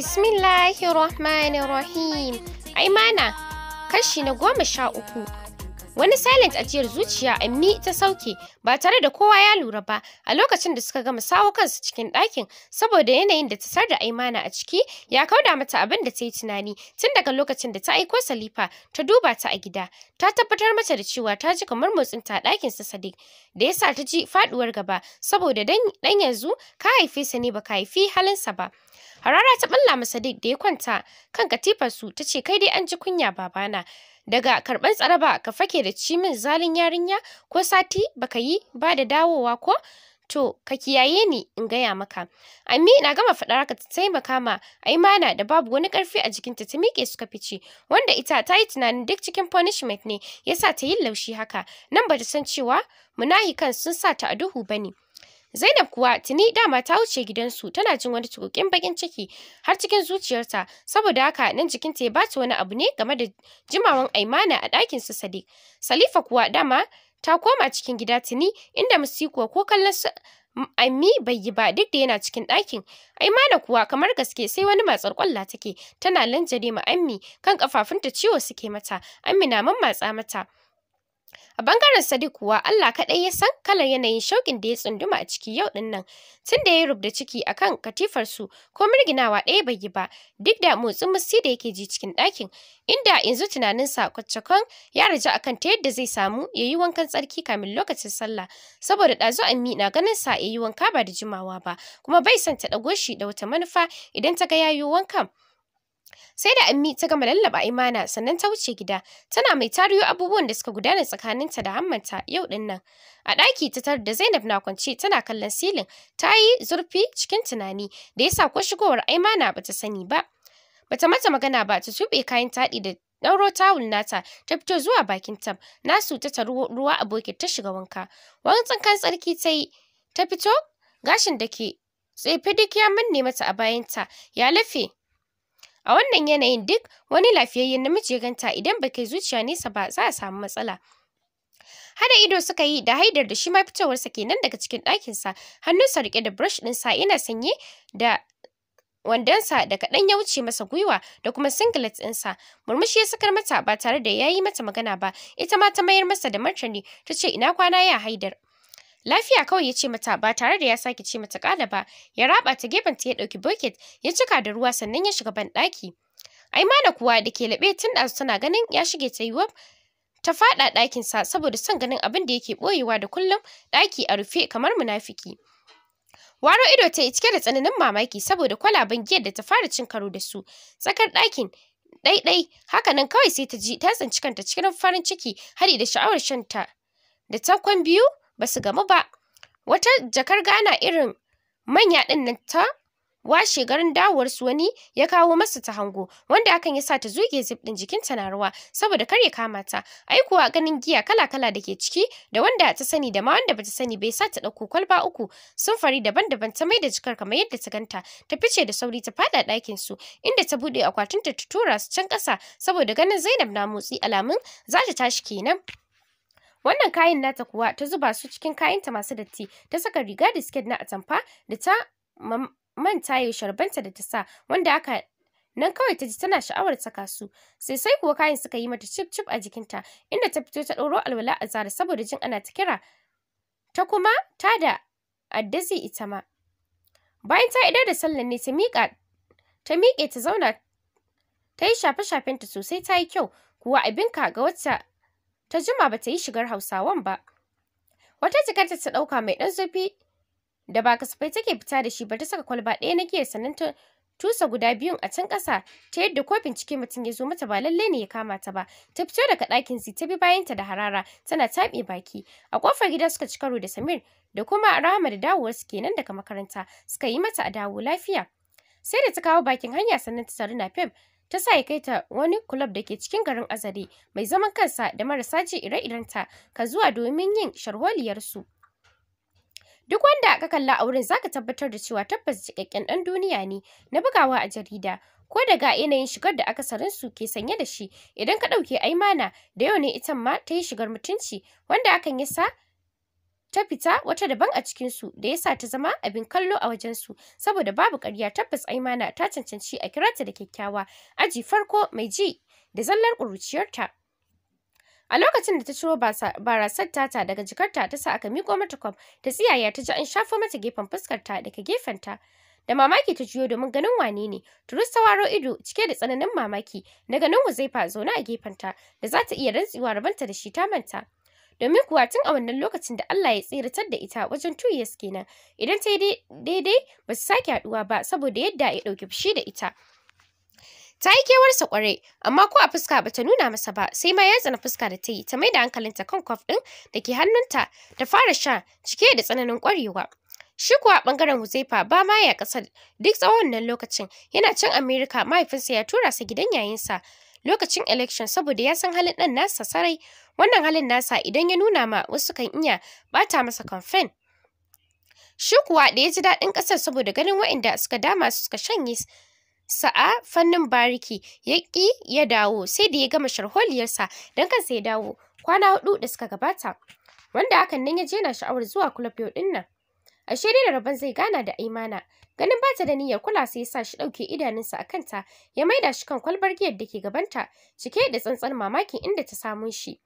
Bismillahirrahmanirrahim. Aimana, kashi na goma sha uku. Wani silent ajiyar zuciya ammi ta sauke ba tare da kowa ya lura ba a lokacin da suka gama sawo kansu cikin ɗakin saboda yanayin da ta sar da aimana a ciki ya kauda mata abin da ta yi tunani tun daga lokacin da ta aiko salifa ta duba ta a gida ta tabbatar mata da cewa ta ji kamar motsin ta ɗakin sa sadiq da ya sa ta ji faɗuwar gaba saboda dan yanzu ka haife sa ne ba ka haifi halinsa ba. Harara ta balla masa da ya kwanta kan katifarsu ta ce kai dai an ji kunya babana daga karɓar tsaraba ka fake da cimin zalin yarinya ko sati baka yi ba da dawowa ko to ka kiyaye ni in gaya maka ammi na gama faɗa ka ta taimaka ma aimana da babu wani karfi a jikinta ta miƙe suka fice wanda ita ta yi tunanin duk cikin punishment ne yasa ta yi laushi haka nan ba ta san cewa munahikan sun sa ta a duhu ba ne Zainab kuwa tuni dama ta wuce gidansu tana jin wani tukukin bakin ciki har cikin zuciyarta saboda haka nan jikinta ya bata wani abu ne game da jimawan Aimana a ɗakin su Sadiq. Salifa kuwa dama ta koma cikin gida tuni inda Musiko ko kallon su Ami bai yi ba duk da yana cikin ɗakin. Aimana kuwa kamar gaske sai wani matsar kwalla take tana lanjare ma Ammi kan kafafunta ciwo suke mata. Ammi na mammatsa mata. A bangaren Sadiq kuwa Allah kaɗai ya san kalar yanayin shauƙin da ya tsunduma a ciki yau ɗin nan. Tun da ya rubda ciki a kan katifarsu ko mirginawa ɗaya bai yi ba duk da motsin musi da yake ji cikin ɗakin inda yanzu tunaninsa kwaccakon ya raja akan ta yadda zai samu ya yi wankan tsarki kamin lokacin sallah saboda ɗazu ammi na ganin sa ya yi wanka ba da jimawa ba kuma bai son ta ɗago shi da wata manufa idan ta ga ya yi wankan. Sai da Ammi ta gama lallaba Imana sannan ta wuce gida, tana mai tariyo abubuwan da suka gudana tsakaninta da hammanta yau dinnan A ɗaki ta tar da Zainab na kwance tana kallon silin, ta yi zurfi cikin tunani da ya yasa ko shigowar Imana ta sani ba. Bata mata magana ba ta tuɓe kayan taɗi da ɗauro tawul nata ta fito zuwa bakin tab nasu ta taru ruwa a bokit ta shiga wanka wani tsinkan tsarki ta yi ta fito gashin da ke tsefe duk ya manne mata a bayanta ya lafe A wannan yanayin duk wani lafiyayyen namiji ya ganta idan ba kai zuciya nesa ba za a samu matsala. Hada ido suka yi da haidar da shi ma fitowarsa kenan daga cikin ɗakinsa, hannunsa riƙe da brush ɗinsa yana sanye da wandonsa da kaɗan ya wuce masa gwiwa da kuma singlet ɗinsa. Murmushi ya sakar mata ba tare da ya yi mata magana ba, ita ma ta mayar masa da martani ta ce ina kwana ya haidar. Lafiya kawai ya ce mata ba tare da ya sake ce mata ƙala ba, ya raba ta gefenta ya ɗauki bucket ya cika da ruwa sannan ya shiga banɗaki. Aimana kuwa da ke laɓe tun da tana ganin ya shige ta yi ta faɗa ɗakinsa saboda son ganin abin da yake boyewa da kullum ɗaki a rufe kamar munafiki. Waro ido ta yi cike da tsananin mamaki saboda kwalaben giyar da ta fara cin karo da su. Tsakar ɗakin ɗaiɗai nan kawai sai ta ji ta tsinci kanta cikin farin ciki hari da sha'awar shanta da takwan biyu ba su gamu ba wata jakar gana irin manya ɗin nan ta washe garin dawowarsu wani ya kawo masa ta hango wanda akan ya sa ta zuge zip din ta na ruwa saboda kar ya kama ta ai kuwa ganin giya kala-kala da ke ciki da wanda ta sani da ma wanda bata sani bai sa ta dauko kwalba uku sun fari daban-daban ta maida jikar kamar yadda ta ganta ta fice da sauri ta fada ɗakin su inda ta bude akwatin ta tura su can kasa saboda ganin Zainab na motsi alamun za ta tashi kenan wannan kayan nata kuwa ta zuba su cikin kayanta masu datti ta saka riga da siket na atamfa da ta manta ya sharbanta da ta sa wanda aka nan kawai ta ji tana sha'awar saka su sai sai kuwa kayan suka yi mata cip cip a jikinta inda ta fito ta ɗauro alwala a zara saboda jin ana ta kira ta kuma ta da addazi ita ma bayan ta idar da sallan ne ta miƙa ta miƙe ta zauna ta yi shafe-shafenta sosai ta yi kyau kuwa abinka ga wacce ta juma ba ta yi shigar Hausawan ba. Wata jikarta ta ɗauka mai ɗan zurfi da ba kasafai take fita da shi ba ta saka kwalba ɗaya na giyar sannan ta tusa guda biyun a can ƙasa ta yadda kofin cikin mutum ya zo mata ba lallai ne ya kama ta ba ta fito daga ɗakin zi ta bi bayanta da harara tana taɓe baki a ƙofar gida suka ci karo da samir da kuma rahama da dawowar su kenan daga makaranta suka yi mata a dawo lafiya sai da ta kawo bakin hanya sannan ta taru na fem ta sa ya kai ta wani kulab da ke cikin garin Azare mai zaman kansa da marasa ji ire-irenta ka zuwa domin yin sharholiyarsu. Duk wanda aka kalla a wurin zaka tabbatar da cewa tabbas cikakken ɗan duniya ne na bugawa a jarida ko daga yanayin shigar da akasarin su ke sanye da shi idan ka ɗauke aimana da yau ne ita ma ta yi shigar mutunci wanda akan yi sa ta fita wata daban a cikinsu da ya sa ta zama abin kallo a wajensu saboda babu ƙarya tabbas aimana ta cancanci a ta da kyakkyawa aji farko mai ji da zallar ƙuruciyarta a lokacin da ta ciro barasar tata daga jikarta ta sa aka miƙo mata kwam ta tsiyaya ta ji an shafo mata gefen fuskarta daga gefen ta da mamaki ta juyo domin ganin wane ne turus ta waro ido cike da tsananin mamaki na ganin wuzaifa zaune a gefen ta da za ta iya rantsewa rabanta da shi ta manta domin kuwa tun a wannan lokacin da Allah ya tsiratar da ita wajen two years kenan idan ta yi daidai ba su sake haɗuwa ba saboda yadda ya ɗauki fushi da ita ta yi kewarsa kwarai amma ko a fuska ba ta nuna masa ba sai ma ya tsana fuska da ta yi ta maida hankalinta kan kwaf ɗin da ke hannunta ta fara sha cike da tsananin kwarewa Shi kuwa bangaren Huzaifa ba ma ya kasar duk tsawon wannan lokacin yana can Amerika mahaifinsa ya tura sa gidan yayinsa lokacin election saboda ya san halin ɗan nasa sarai wannan halin nasa idan ya nuna ma wasu kan iya bata masa kamfen shi kuwa da ya ji daɗin ƙasar saboda ganin wa'inda suka dama su suka shanye sa'a fannin bariki ya ƙi ya dawo sai da ya gama sharholiyarsa don kansa ya dawo kwana hudu da suka gabata wanda hakan nan ya je na sha'awar zuwa club yau ɗin nan ashe dai da rabon zai gana da imana ganin ba ta da niyyar kula sai sa shi ɗauke idanunsa a kanta ya maida shi kan kwalbar giyar da ke gabanta cike da tsantsan mamakin inda ta samo shi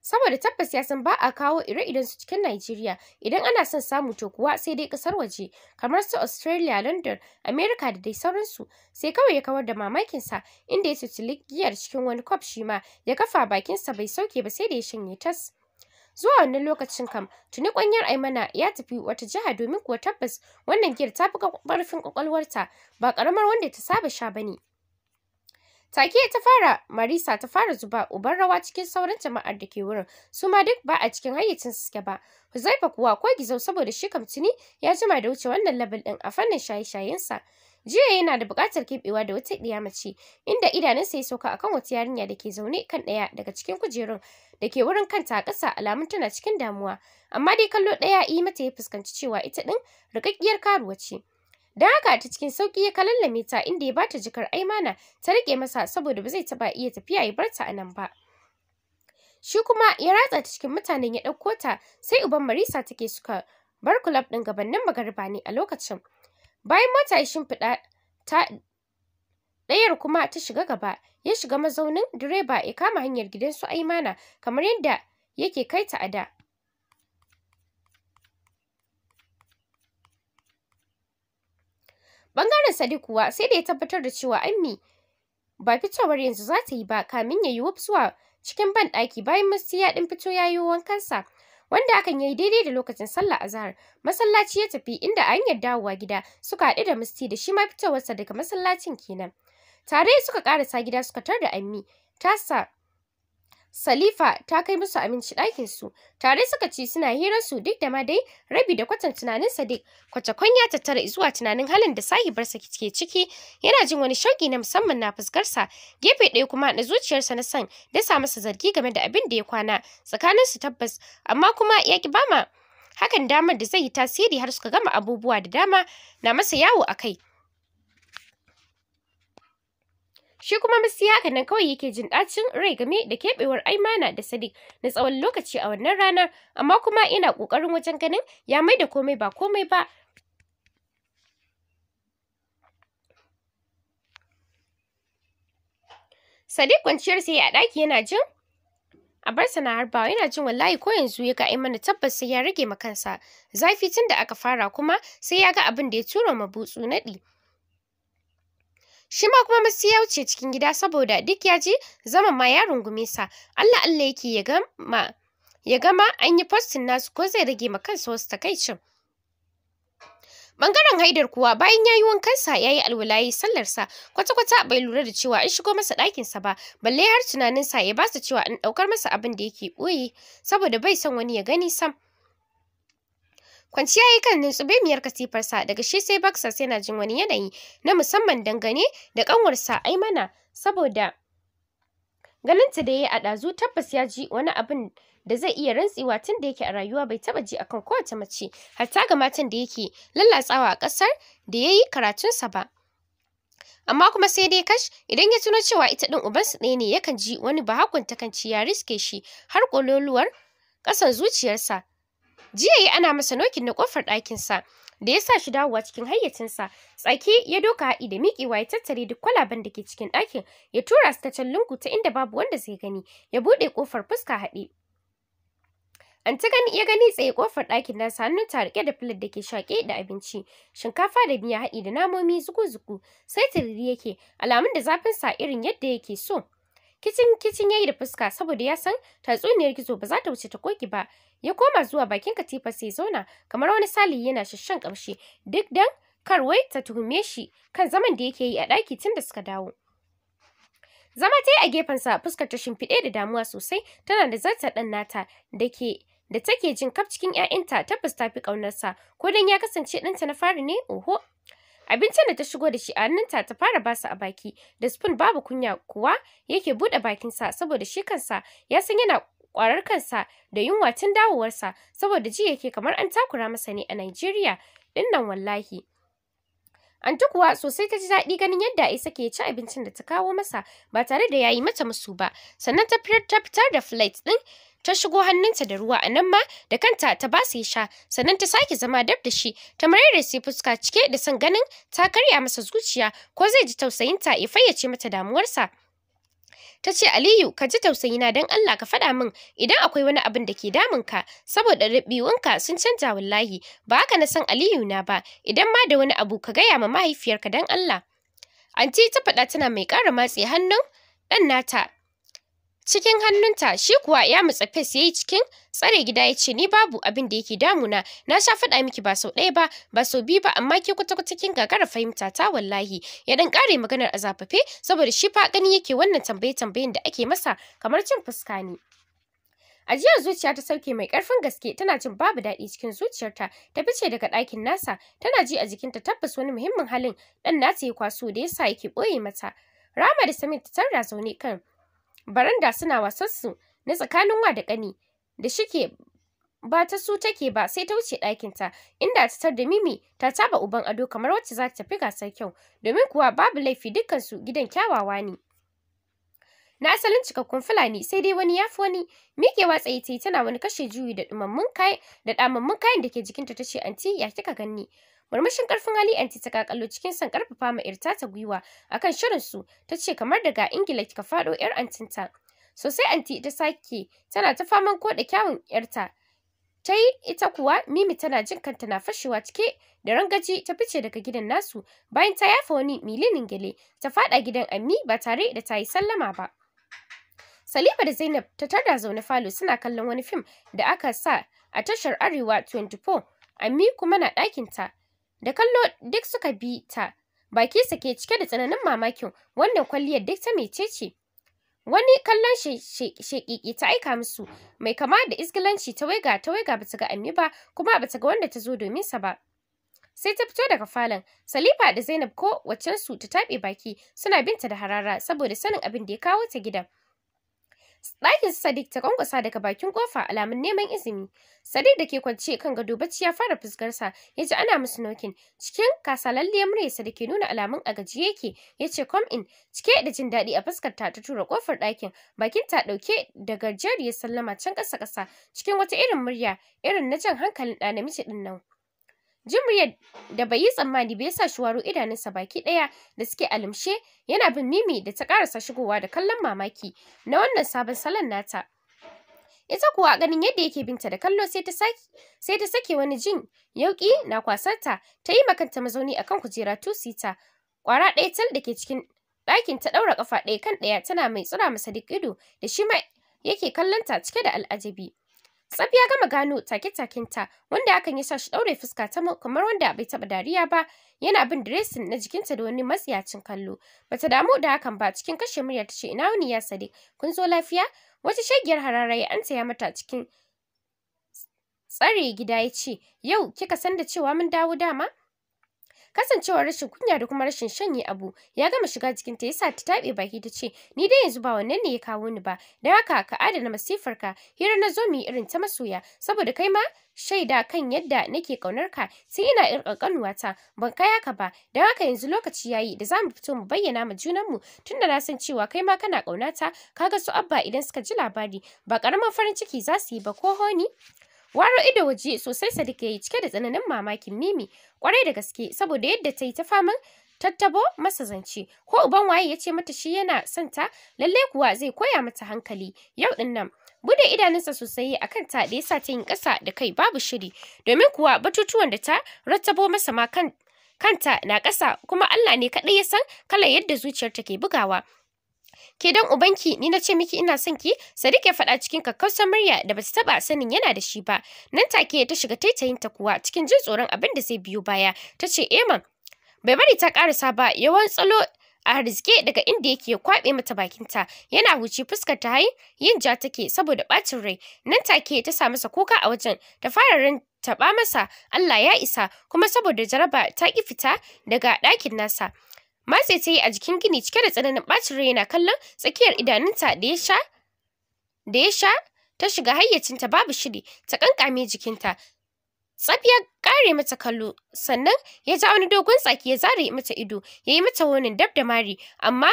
saboda tabbas ya san ba a kawo ire-iren su cikin Najeriya idan ana son samu to kuwa sai dai kasar waje kamar su Australia, London, America da dai sauransu sai kawai ya kawar da mamakin sa inda ya tutuli giyar cikin wani kwaf shi ma ya kafa bakin sa bai sauke ba sai da ya shanye tas Zuwa wannan lokacin kam, tuni kwanyar Aimana ya tafi wata jiha domin kuwa tabbas wannan giyar ta fi ƙarfin ƙwaƙwalwarta ba ƙaramar wanda ta saba sha bane. Take ta fara Marisa ta fara zuba uban rawa cikin sauran jama'ar da ke wurin su ma duk ba a cikin hayyacin suke ba. Huzaifa kuwa ko gizau saboda shi tuni ya jima da wuce wannan level ɗin a fannin shaye-shayensa. Jiya yana da buƙatar keɓewa da wata ɗiya mace inda idanunsa ya sauka akan wata yarinya da ke zaune kan ɗaya daga cikin kujerun da ke wurin kanta ƙasa alamun tana cikin damuwa amma dai kallo ɗaya yi mata ya fuskanci cewa ita ɗin rikakkiyar karuwa ce don haka ta cikin sauƙi ya kalallame ta inda ya bata jikar aimana ta riƙe masa saboda ba zai taɓa iya tafiya ya barta a nan ba shi kuma ya ratsa ta cikin mutanen ya ɗauko ta sai uban marisa take suka bar kulab ɗin gabanin magariba ne a lokacin bayan mota ya shimfiɗa ta ɗayar kuma ta shiga gaba ya shiga mazaunin direba ya kama hanyar gidan gidansu aimana kamar yadda yake kai ta a da Bangaren Sadiq kuwa sai da ya tabbatar da cewa Ammi ba fitowar yanzu za ta yi ba kamin ya yi wuf cikin ban ɗaki bayan musti ya ɗin fito ya yi wankansa wanda hakan ya yi daidai da lokacin sallah a zahar masallaci ya tafi inda a hanyar dawowa gida suka haɗu da musti da shi ma fitowarsa daga masallacin kenan Tare suka sa gida suka tar da Ammi, ta Salifa ta kai musu abinci ɗakin su. Tare suka ci suna hirar su duk da ma dai rabi da kwatan tunanin Sadiq. Kwacakwon ya tattara zuwa tunanin halin da sahibarsa ke ciki, yana jin wani shauki na musamman na fuskarsa. Gefe ɗaya kuma na zuciyarsa na san dasa masa zargi game da abin da ya kwana tsakanin su tabbas, amma kuma ya ki bama hakan damar da zai yi tasiri har suka gama abubuwa da dama na masa yawo a kai. Shi kuma Musti haka nan kawai yake jin ɗacin rai game da keɓewar Aimana da Sadiq na tsawon lokaci a wannan rana, amma kuma ina ƙoƙarin wajen ganin ya mai da komai ba komai ba. Sadiq kwanciyar sai a ɗaki yana jin a bar sana harba yana jin wallahi ko yanzu ya ga mana tabbas sai ya rage ma kansa zafi tun da aka fara kuma sai ya ga abin da ya tura ma butsu naɗi. shi ma kuma masu ya wuce cikin gida saboda duk ya ji zaman ma ya rungume sa Allah Allah yake ya gama ya an yi postin nasu ko zai rage ma kansa wasu takaicin Bangaren haidar kuwa bayan ya yi wankansa ya yi alwalayi sallarsa kwata-kwata bai lura da cewa an shigo masa ɗakinsa ba balle har tunaninsa ya basa cewa an ɗaukar masa abin da yake ɓoye saboda bai son wani ya gani sam. kwanciya yi kan tsubemiyar katifarsa daga shi sai baksas yana jin wani yanayi na musamman dangane da kanwarsa mana saboda ganinta da ya yi a ɗazu tabbas ya ji wani abin da zai iya rantsewa tun da yake a rayuwa bai taba ji akan kowace mace hatta ga matan da yake lallatsawa a ƙasar da ya yi karatunsa ba amma kuma sai dai kash idan ya tuno cewa ita ɗin ubansu ɗaya ne yakan ji wani bahakun takanci ya riske shi har ƙololuwar ƙasan zuciyarsa Jiya ya ana masa nokin na kofar ɗakinsa da ya sa shi dawowa cikin hayyacinsa. Tsaki ya doka haɗi da miƙewa ya tattare duk kwalaben da ke cikin ɗakin ya tura su ta can lungu ta inda babu wanda zai gani ya buɗe kofar fuska haɗe. Anta gani ya gani tsaye kofar ɗakin nasa hannun ta rike da filet da ke shaƙe da abinci, shinkafa da miya haɗi da namomi zugu-zugu, sai tiriri yake, alamun da zafin sa irin yadda yake so. kicin kicin yi da fuska saboda ya san tatsuniyar gizo ba za ta wuce ta koki ba ya koma zuwa bakin katifa sai zauna kamar wani sali yana shashan kamshi duk dan karwai ta tuhume shi kan zaman da yake yi a ɗaki tun da suka dawo zama ta yi a gefensa fuskar ta shimfiɗe da damuwa sosai tana da zartar ɗan nata da ke da take jin kaf cikin 'ya'yanta tabbas ta fi ƙaunarsa ko dan ya kasance ɗanta na fari ne oho abincin da ta shigo da shi a hannunta ta fara basa a baki da spoon babu kunya kuwa yake buɗe sa saboda shi kansa ya san yana kwarar kansa da yunwa tun dawowarsa saboda ji yake kamar an takura masa ne a Najeriya dinnan wallahi. Anti kuwa sosai ta ji daɗi ganin yadda Aisha ke ci abincin da ta kawo masa ba tare da yayi mata musu ba. Sannan ta fitar da flight ɗin ta shigo hannunta da ruwa a nan ma da kanta ta ba su sha sannan ta sake zama dab da shi ta mayar sai fuska cike da san ganin ta karya masa zuciya ko zai ji tausayinta ya fayyace mata damuwarsa ta ce Aliyu ka ji tausayina don Allah ka faɗa min idan akwai wani abin da ke damun ka saboda ɗabi'unka sun canja wallahi ba haka na san Aliyu na ba idan ma da wani abu ka gaya ma mahaifiyarka don Allah. Anti ta faɗa tana mai ƙara matse hannun ɗan nata cikin hannunta shi kuwa ya mutsa fes yi cikin tsare gida ya ce ni babu abin da yake damuna na sha faɗa miki ba sau ɗaya ba ba sau biyu ba amma ke kwata kwata kin gagara fahimta ta wallahi ya dan ƙare maganar a zafafe saboda shi fa gani yake wannan tambaye tambayen da ake masa kamar cin fuska ne Ajiyar zuciya ta sauke mai karfin gaske tana jin babu daɗi cikin zuciyarta ta fice daga ɗakin nasa tana ji a jikinta tabbas wani muhimmin halin ɗan nata ya kwaso da yasa yake ɓoye mata. Rama da samin ta tarra zaune kan baranda suna wasassu na tsakanin wa da ƙani da shike ba ta su take ba sai ta wuce ɗakinta inda ta tar da mimi ta taba uban ado kamar wacce za ta tafi gasar kyau domin kuwa babu laifi dukkansu gidan kyawawa ne na asalin cikakkun fulani sai dai wani ya fi wani miƙewa tsaye ta tana wani kashe juyi da ɗumammun kayan da ɗamammun kayan da ke jikinta ta ce anti ya kika ganni murmushin karfin hali anti ta kakallo cikin san karfafa ma irta ta gwiwa akan shirin su tace kamar daga ingila kika fado yar antinta sosai anti ta sake tana ta faman ko da kyawun yarta ta yi ita kuwa mimi tana jin kanta na fashewa cike da rangaji ta fice daga gidan nasu bayan ta yafa wani milinin gele ta fada gidan ammi ba tare da ta yi sallama ba Saliba da Zainab ta tada zaune falo suna kallon wani fim da aka sa a tashar Arewa 24 Ammi kuma na ɗakinta da kallo duk suka bi ta baki sake cike da tsananin mamakin wannan kwalliyar duk ta ce. wani kallon shekiki ta aika musu mai kama da isgilanci ta waiga ta waiga bata ga ammi ba kuma bata ga wanda ta zo domin sa ba sai ta fito daga falon salifa da zainab ko waccan su ta taɓe baki suna binta da harara saboda sanin abin da ya kawo ta gidan Ɗakin Sadiq ta kwankwasa daga bakin kofa alamun neman izini. Sadiq da ke kwance kan gado bacci ya fara fuskarsa ya ji ana musu nokin. Cikin kasalalle muryarsa da ke nuna alamun a gaji yake ya ce come in cike da jin daɗi a fuskar ta ta tura kofar ɗakin bakin ta ɗauke da gajeriyar sallama can ƙasa ƙasa cikin wata irin murya irin na jan hankalin ɗa namiji ɗin nan. Jin da bai yi tsammani bai sa shuwaru idanunsa baki ɗaya da suke alimshe yana bin Mimi da ta ƙarasa shigowa da kallon mamaki na wannan sabon salon nata. Ita kuwa ganin yadda yake binta da kallo sai ta saki sai ta sake wani jin yauki na kwasarta ta yi makanta mazauni akan kujera tusita kwara ɗaya tal da ke cikin ɗakin ta ɗaura ƙafa ɗaya kan ɗaya tana mai tsira masa duk ido da shi ma yake kallon ta cike da al'ajabi. Tsaf ya gama gano take-takenta wanda hakan ya sa shi ɗaure fuska ta kamar wanda bai taɓa dariya ba yana bin diresin na jikinta da wani matsiyacin kallo. Bata damu da hakan ba cikin kashe murya ta ce ina wani ya sadiq kun zo lafiya? Wata shagiyar harara an taya mata cikin tsare gida ya ce yau kika san da cewa mun dawo dama? kasancewar rashin kunya da kuma rashin shanye abu ya gama shiga jikinta yasa ta taɓe baki ta ce ni dai yanzu ba wannan ne ya kawo ni ba don haka ka adana masifar ka hira na zo mu irin ta masoya saboda kai ma shaida kan yadda nake kaunar ka sai ina irin kankanuwa ta ban kaya ka ba don haka yanzu lokaci yayi da zamu fito mu bayyana ma junan mu tunda na san cewa kai ma kana kauna ta kaga su abba idan suka ji labari ba karaman farin ciki za yi ba ko honi Waro ido waje sosai Sadiq ya yi cike da tsananin mamakin Mimi, kwarai da gaske saboda yadda ta yi ta faman tattabo masa zance ko uban waye ya ce mata shi yana son ta lalle kuwa zai koya mata hankali yau din nan bude idanunsa sosai akan ta da yasa ta yin ƙasa da kai babu shiri domin kuwa batutuwan da ta rattabo masa ma kan kanta na ƙasa kuma Allah ne kaɗai ya san kalar yadda zuciyarta ke bugawa Ke dan ubanki ni na ce miki ina son ki? Sadiq ya faɗa cikin kakkausar murya da bata taba sanin yana da shi ba. Nan take ta shiga taitayin ta kuwa cikin jin tsoron abin da zai biyo baya. Ta ce Eman eh, bai bari ta karasa ba yawan tsalo a harzike daga inda yake ya kwaɓe mata bakinta yana huci fuskar ta hai yin ja take saboda ɓacin rai nan take ta sa masa kuka a wajen ta fara ran taɓa masa Allah ya isa kuma saboda jaraba ta ƙi fita daga ɗakin nasa Matse ta yi a jikin gini cike da tsananin ɓacin rai yana kallon tsakiyar idanunta da ya sha da ya sha ta shiga hayyacinta babu shiri ta kankame jikinta tsaf ya kare mata kallo sannan ya ja wani dogon tsaki ya zare mata ido ya yi mata wani dab da mari amma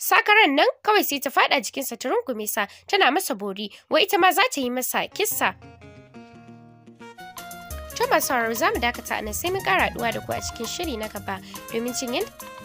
sakaran nan kawai sai ta fada jikinsa ta rungume sa tana masa bori wai ita ma za ta yi masa kissa to masu sauraro za mu dakata a nan sai mun kara haɗuwa da ku a cikin shiri na gaba domin cin yadda